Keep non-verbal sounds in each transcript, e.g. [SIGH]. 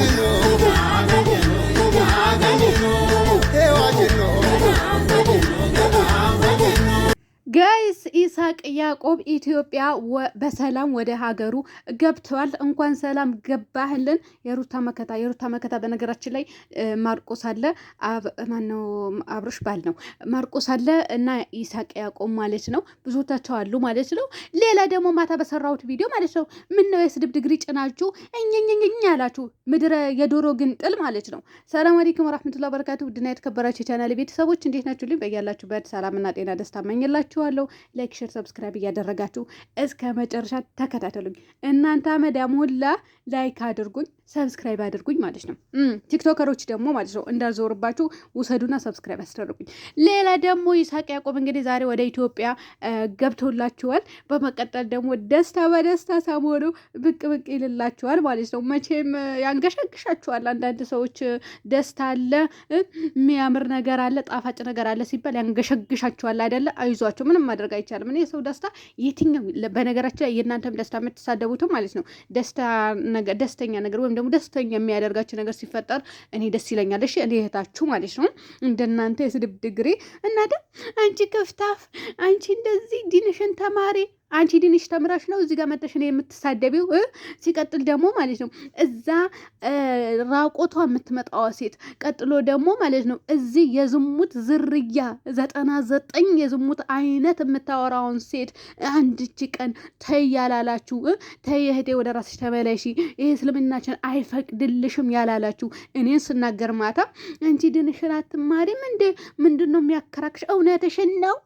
you. ይስሐቅ ያዕቆብ ኢትዮጵያ በሰላም ወደ ሀገሩ ገብተዋል። እንኳን ሰላም ገባህልን። የሩታ መከታ የሩታ መከታ በነገራችን ላይ ማርቆስ አለ ማነው አብሮሽ ባል ነው ማርቆስ አለ እና ይስሐቅ ያዕቆብ ማለት ነው። ብዙዎቻቸው አሉ ማለት ነው። ሌላ ደግሞ ማታ በሰራሁት ቪዲዮ ማለት ነው። ምን ነው የስድብ ድግሪ ጭናችሁ እኝኝኝኝ ያላችሁ ምድረ የዶሮ ግንጥል ማለት ነው። ሰላም አለይኩም ወራህመቱላሂ ወበረካቱ። ውድና የተከበራችሁ የቻናል ቤተሰቦች እንዴት ናችሁ? ልኝ በያላችሁበት ሰላምና ጤና ደስታ እመኝላችኋለሁ። ላይክ ሸር ሰብስክራይብ እያደረጋችሁ እስከ መጨረሻ ተከታተሉኝ። እናንተ መዳም ሁላ ላይክ አድርጉኝ። ሰብስክራይብ አድርጉኝ ማለት ነው። ቲክቶከሮች ደግሞ ማለት ነው እንዳዞርባችሁ ውሰዱና ሰብስክራይብ አስደርጉኝ። ሌላ ደግሞ ይስሐቅ ያዕቆብ እንግዲህ ዛሬ ወደ ኢትዮጵያ ገብቶላችኋል። በመቀጠል ደግሞ ደስታ በደስታ ሰሞኑ ብቅ ብቅ ይልላችኋል ማለት ነው። መቼም ያንገሸግሻችኋል። አንዳንድ ሰዎች ደስታ አለ፣ የሚያምር ነገር አለ፣ ጣፋጭ ነገር አለ ሲባል ያንገሸግሻችኋል አይደለ? አይዟቸው፣ ምንም ማድረግ አይቻልም። እኔ የሰው ደስታ የትኛው በነገራችን ላይ የእናንተም ደስታ የምትሳደቡትም ማለት ነው ደስተኛ ነገር ወይም ወይም ደግሞ ደስተኛ የሚያደርጋቸው ነገር ሲፈጠር እኔ ደስ ይለኛል። እሺ እኔ እህታችሁ ማለት ነው እንደናንተ የስድብ ድግሬ እናደ አንቺ ክፍታፍ፣ አንቺ እንደዚህ ዲንሽን ተማሪ አንቺ ድንሽ ተምረሽ ነው እዚህ ጋር መጠሽ ነው የምትሳደቢው? ሲቀጥል ደግሞ ማለት ነው እዛ ራቆቷ የምትመጣዋ ሴት፣ ቀጥሎ ደግሞ ማለት ነው እዚህ የዝሙት ዝርያ ዘጠና ዘጠኝ የዝሙት አይነት የምታወራውን ሴት አንድች ቀን ተይ ያላላችሁ ተይ እህቴ ወደ ራስሽ ተመለሺ ይህ እስልምናችን አይፈቅድልሽም ያላላችሁ እኔን ስናገር ማታ አንቺ ድንሽን አትማሪም እንዴ? ምንድን ነው የሚያከራክሽ? እውነትሽን ነው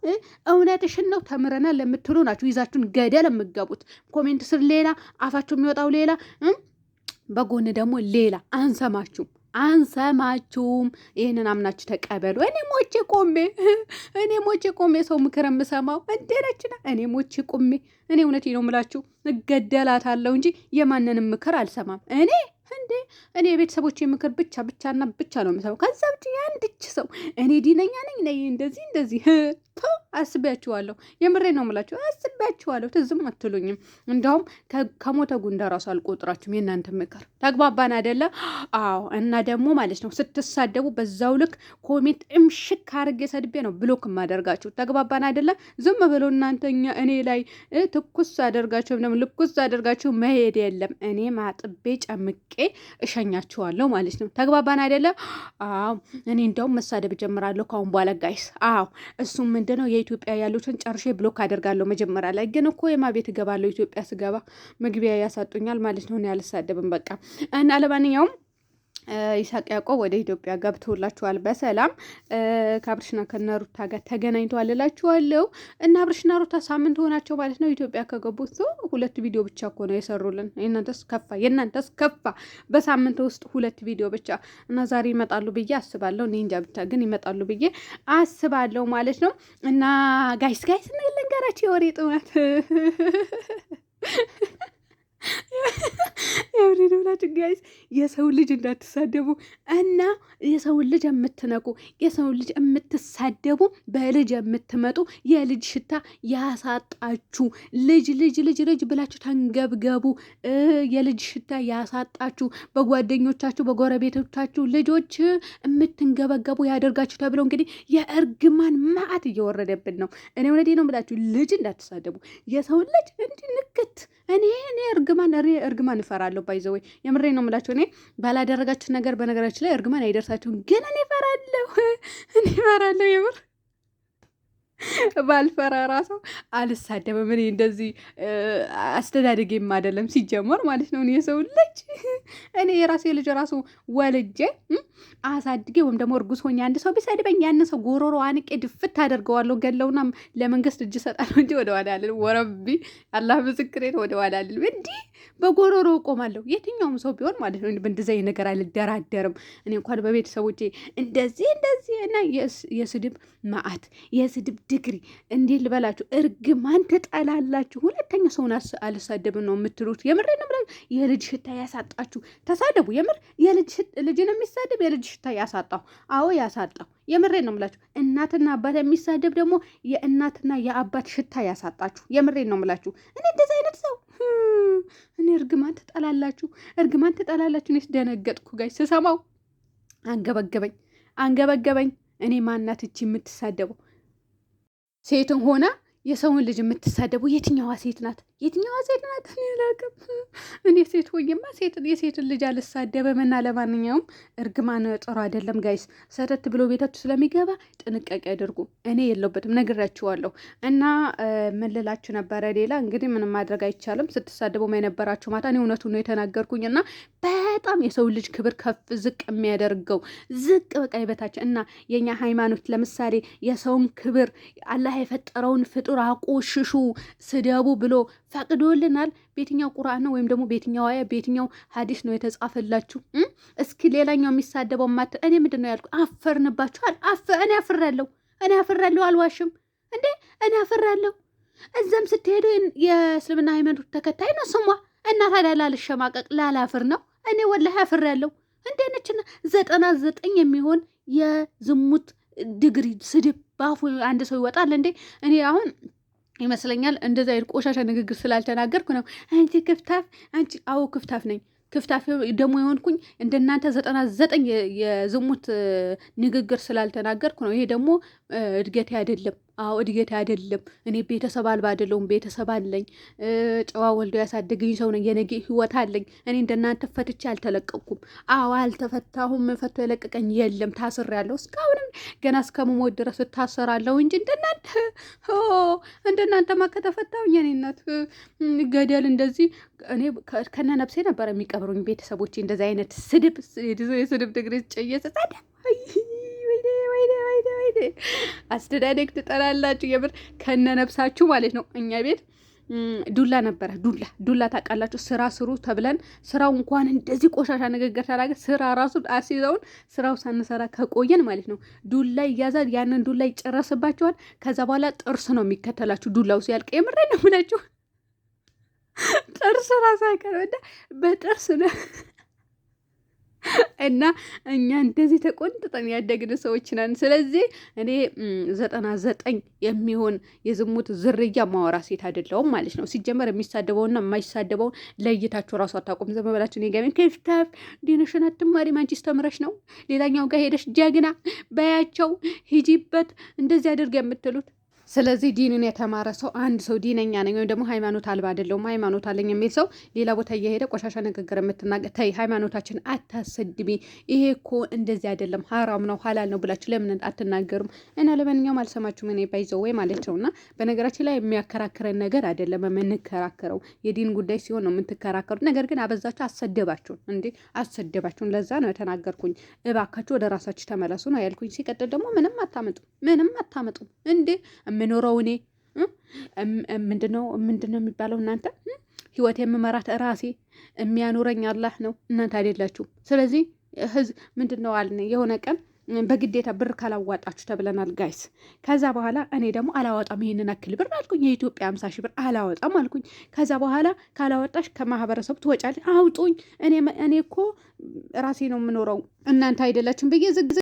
እውነትሽን ነው ተምረናል ለምትሉ ናችሁ ይዛችሁ ሁላችሁን ገደል የምገቡት። ኮሜንት ስር ሌላ አፋቸው የሚወጣው ሌላ፣ በጎን ደግሞ ሌላ። አንሰማችሁም አንሰማችሁም። ይህንን አምናችሁ ተቀበሉ። እኔ ሞቼ ቆሜ እኔ ሞቼ ቆሜ ሰው ምክር የምሰማው እንዴነችና እኔ ሞቼ ቆሜ እኔ እውነቴ ነው የምላችሁ እገደላታለሁ እንጂ የማንንም ምክር አልሰማም እኔ እንዴ እኔ የቤተሰቦች ምክር ብቻ ብቻና ብቻ ነው የምሰማው። ከዛ ብቻ የአንድች ሰው እኔ ዲነኛ ነኝ ነይ እንደዚህ እንደዚህ ተው አስቤያችኋለሁ። የምሬ ነው የምላችሁ፣ አስቢያችኋለሁ። ትዝም አትሉኝም። እንደውም ከሞተ ጉንዳ ራሱ አልቆጥራችሁም። የእናንተ ምክር ተግባባን አደለ? አዎ። እና ደግሞ ማለት ነው ስትሳደቡ በዛው ልክ ኮሜንት እምሽክ አድርጌ ሰድቤ ነው ብሎክ ማደርጋችሁ። ተግባባን አደለ? ዝም ብሎ እናንተኛ እኔ ላይ ትኩስ አደርጋችሁ ልኩስ አደርጋችሁ መሄድ የለም። እኔ ማጥቤ ጨምቄ እሸኛችኋለሁ ማለት ነው። ተግባባን አይደለ? አዎ። እኔ እንደውም መሳደብ ጀምራለሁ ከአሁን በኋላ ጋይስ። አዎ፣ እሱም ምንድነው የኢትዮጵያ ያሉትን ጨርሼ ብሎክ አደርጋለሁ። መጀመሪያ ላይ ግን እኮ የማቤት እገባለሁ። ኢትዮጵያ ስገባ መግቢያ ያሳጡኛል ማለት ነው። እኔ አልሳደብም በቃ እና ለማንኛውም ይሳቅ ያዕቆብ ወደ ኢትዮጵያ ገብቶላችኋል በሰላም ከአብርሽና ከነሩታ ጋር ተገናኝተዋል እላችኋለሁ። እና አብርሽና ሩታ ሳምንት ሆናቸው ማለት ነው ኢትዮጵያ ከገቡት ሁለት ቪዲዮ ብቻ እኮ ነው የሰሩልን። የእናንተስ ከፋ፣ የእናንተስ ከፋ። በሳምንት ውስጥ ሁለት ቪዲዮ ብቻ እና ዛሬ ይመጣሉ ብዬ አስባለሁ። እኔ እንጃ ብቻ ግን ይመጣሉ ብዬ አስባለሁ ማለት ነው። እና ጋይስ ጋይስ እንልንገራቸው የወሬ ጥማት [LAUGHS] የወሬ ደብላችሁ ጋይስ የሰው ልጅ እንዳትሳደቡ እና የሰው ልጅ የምትነቁ የሰው ልጅ የምትሳደቡ በልጅ የምትመጡ የልጅ ሽታ ያሳጣችሁ ልጅ ልጅ ልጅ ልጅ ብላችሁ ተንገብገቡ። የልጅ ሽታ ያሳጣችሁ በጓደኞቻችሁ በጎረቤቶቻችሁ ልጆች የምትንገበገቡ ያደርጋችሁ ተብለው እንግዲህ የእርግማን መዓት እየወረደብን ነው። እኔ እውነቴ ነው ብላችሁ ልጅ እንዳትሳደቡ የሰው ልጅ እንዲንክት እኔ እኔ እርግማን እርግማን እፈራለሁ። ባይዘወይ የምሬ ነው ምላችሁ እኔ ባላደረጋችሁ ነገር በነገራችን ላይ እርግማን አይደርሳችሁም፣ ግን እኔ እፈራለሁ፣ እኔ እፈራለሁ የምር ባልፈራ ራሱ አልሳደብም። እኔ እንደዚህ አስተዳደጌም አይደለም ሲጀመር ማለት ነው። እኔ የሰው ልጅ እኔ የራሴ ልጅ ራሱ ወልጄ አሳድጌ ወይም ደግሞ እርጉዝ ሆኜ አንድ ሰው ቢሰድበኝ ያን ሰው ጎሮሮ አንቄ ድፍት አደርገዋለሁ፣ ገለውና ለመንግስት እጅ ሰጣለሁ እንጂ ወደ ኋላ አልልም። ወረቢ አላህ ምስክሬን፣ ወደ ኋላ አልልም። እንዲህ በጎሮሮ እቆማለሁ። የትኛውም ሰው ቢሆን ማለት ነው። በእንደዚያ ነገር አልደራደርም። እኔ እንኳን በቤተሰቦቼ እንደዚህ እንደዚህ እና የስድብ ማአት የስድብ ድግሪ እንዴት ልበላችሁ? እርግማን ትጠላላችሁ። ሁለተኛ ሰውን አልሳደብም ነው የምትሉት። የምር የልጅ ሽታ ያሳጣችሁ። ተሳደቡ። የምር የልጅ ልጅ ነው የሚሳደብ ሽታ ያሳጣሁ። አዎ ያሳጣሁ። የምሬ ነው የምላችሁ። እናትና አባት የሚሳደብ ደግሞ የእናትና የአባት ሽታ ያሳጣችሁ። የምሬ ነው የምላችሁ። እኔ እንደዚ አይነት ሰው እኔ እርግማን ትጠላላችሁ፣ እርግማን ትጠላላችሁ። እኔ ደነገጥኩ ጋይ ስሰማው፣ አንገበገበኝ፣ አንገበገበኝ። እኔ ማናት እቺ የምትሳደበው ሴትን ሆና የሰውን ልጅ የምትሳደቡ የትኛዋ ሴት ናት? የትኛዋ ሴት ናት? እኔ አላውቅም። እኔ ሴት ሆኜማ የሴትን ልጅ አልሳደብም። እና ለማንኛውም እርግማን ጥሩ አይደለም ጋይስ። ሰተት ብሎ ቤታችሁ ስለሚገባ ጥንቃቄ አድርጉ። እኔ የለውበትም ነግራችኋለሁ። እና ምልላችሁ ነበረ። ሌላ እንግዲህ ምንም ማድረግ አይቻልም። ስትሳደቡም የነበራችሁ ማታ እኔ እውነቱን ነው የተናገርኩኝ። እና በጣም የሰው ልጅ ክብር ከፍ ዝቅ የሚያደርገው ዝቅ በቃ ይበታችን እና የእኛ ሃይማኖት ለምሳሌ የሰውን ክብር አላህ የፈጠረውን ፍጡር ራቁ፣ ሽሹ፣ ስደቡ ብሎ ፈቅዶልናል። በየትኛው ቁርአን ነው ወይም ደግሞ በየትኛው አያ በየትኛው ሀዲስ ነው የተጻፈላችሁ? እስኪ ሌላኛው የሚሳደበው ማ እኔ ምንድን ነው ያልኩት? አፈርንባችኋል። እኔ አፍራለሁ፣ እኔ አፍራለሁ፣ አልዋሽም እንዴ እኔ አፍራለሁ። እዛም ስትሄዱ የእስልምና ሃይማኖት ተከታይ ነው ስሟ እና ታዲያ ላልሸማቀቅ ላላፍር ነው እኔ ወላሂ አፍራለሁ። እንዴ ነችና ዘጠና ዘጠኝ የሚሆን የዝሙት ድግሪ ስድብ በአፉ አንድ ሰው ይወጣል እንዴ? እኔ አሁን ይመስለኛል እንደዛ ቆሻሻ ንግግር ስላልተናገርኩ ነው። አንቺ ክፍታፍ፣ አንቺ አዎ ክፍታፍ ነኝ ክፍታፍ ደግሞ የሆንኩኝ እንደናንተ ዘጠና ዘጠኝ የዝሙት ንግግር ስላልተናገርኩ ነው። ይሄ ደግሞ እድገቴ አይደለም። አዎ እድገት አይደለም። እኔ ቤተሰብ አልባ አይደለሁም፣ ቤተሰብ አለኝ። ጨዋ ወልዶ ያሳደገኝ ሰው ነኝ። የነገ ህይወት አለኝ። እኔ እንደናንተ ፈትቼ አልተለቀቅኩም። አዎ አልተፈታሁም። ፈቶ የለቀቀኝ የለም። ታስሬያለሁ። እስካሁንም ገና እስከምሞት ድረስ እታሰራለሁ እንጂ እንደናንተ እንደናንተ ከተፈታሁኝ የኔ እናት ገደል እንደዚህ እኔ ከነ ነብሴ ነበር የሚቀብሩኝ ቤተሰቦቼ። እንደዚህ አይነት ስድብ የስድብ ጨየሰ ጭየሰ ወይኔ ወይኔ አስተዳደግ ትጠላላችሁ። የምር ነብሳችሁ ማለት ነው። እኛ ቤት ዱላ ነበረ። ዱላ ዱላ ታውቃላችሁ። ስራ ስሩ ተብለን ስራው እንኳን እንደዚህ ቆሻሻ ንግግር ተላገ ስራ ራሱ አስይዘውን ስራው ሳንሰራ ከቆየን ማለት ነው ዱላ ይያዛል። ያንን ዱላ ይጨረስባቸዋል። ከዛ በኋላ ጥርስ ነው የሚከተላችሁ። ዱላው ሲያልቅ የምሬ ነው የምላችሁ ጥርስ ራሱ አይቀርም እና በጥርስ ነው እና እኛ እንደዚህ ተቆንጥጠን ያደግን ሰዎች ነን። ስለዚህ እኔ ዘጠና ዘጠኝ የሚሆን የዝሙት ዝርያ ማወራ ሴት አይደለሁም ማለት ነው። ሲጀመር የሚሳደበውና የማይሳደበውን ለይታችሁ እራሱ አታውቁም። ዝም ብላችሁ እኔ ገሜ ክፍተፍ ዲንሽን አትማሪ ማንቺስ ተምረሽ ነው ሌላኛው ጋር ሄደሽ ጀግና በያቸው ሂጂበት እንደዚህ አድርግ የምትሉት ስለዚህ ዲንን የተማረ ሰው አንድ ሰው ዲነኛ ነኝ ወይም ደግሞ ሃይማኖት አልባ አይደለሁም ሃይማኖት አለኝ የሚል ሰው ሌላ ቦታ እየሄደ ቆሻሻ ንግግር የምትናገር ተይ፣ ሃይማኖታችን አታሰድቢ፣ ይሄ እኮ እንደዚህ አይደለም፣ ሀራም ነው፣ ሀላል ነው ብላችሁ ለምን አትናገሩም? እና ለማንኛውም አልሰማችሁም፣ እኔ ባይዘው ወይ ማለት ነው። እና በነገራችን ላይ የሚያከራክረን ነገር አይደለም የምንከራከረው፣ የዲን ጉዳይ ሲሆን ነው የምትከራከሩት። ነገር ግን አበዛችሁ፣ አሰደባችሁን፣ እንዴ አሰደባችሁን። ለዛ ነው የተናገርኩኝ፣ እባካችሁ ወደ ራሳችሁ ተመለሱ ነው ያልኩኝ። ሲቀጥል ደግሞ ምንም አታመጡም፣ ምንም አታመጡም እንዴ የምኖረው እኔ ምንድነው ምንድነው የሚባለው እናንተ ህይወት የምመራት ራሴ የሚያኖረኝ አላህ ነው፣ እናንተ አይደላችሁም። ስለዚህ ህዝብ ምንድን ነው አልን የሆነ ቀን በግዴታ ብር ካላዋጣችሁ ተብለናል ጋይስ። ከዛ በኋላ እኔ ደግሞ አላወጣም ይህንን አክል ብር አልኩኝ። የኢትዮጵያ አምሳ ሺህ ብር አላወጣም አልኩኝ። ከዛ በኋላ ካላወጣሽ ከማህበረሰቡ ትወጫለሽ። አውጡኝ፣ እኔ እኔ እኮ ራሴ ነው የምኖረው እናንተ አይደላችሁም ብዬ ዝግዝግ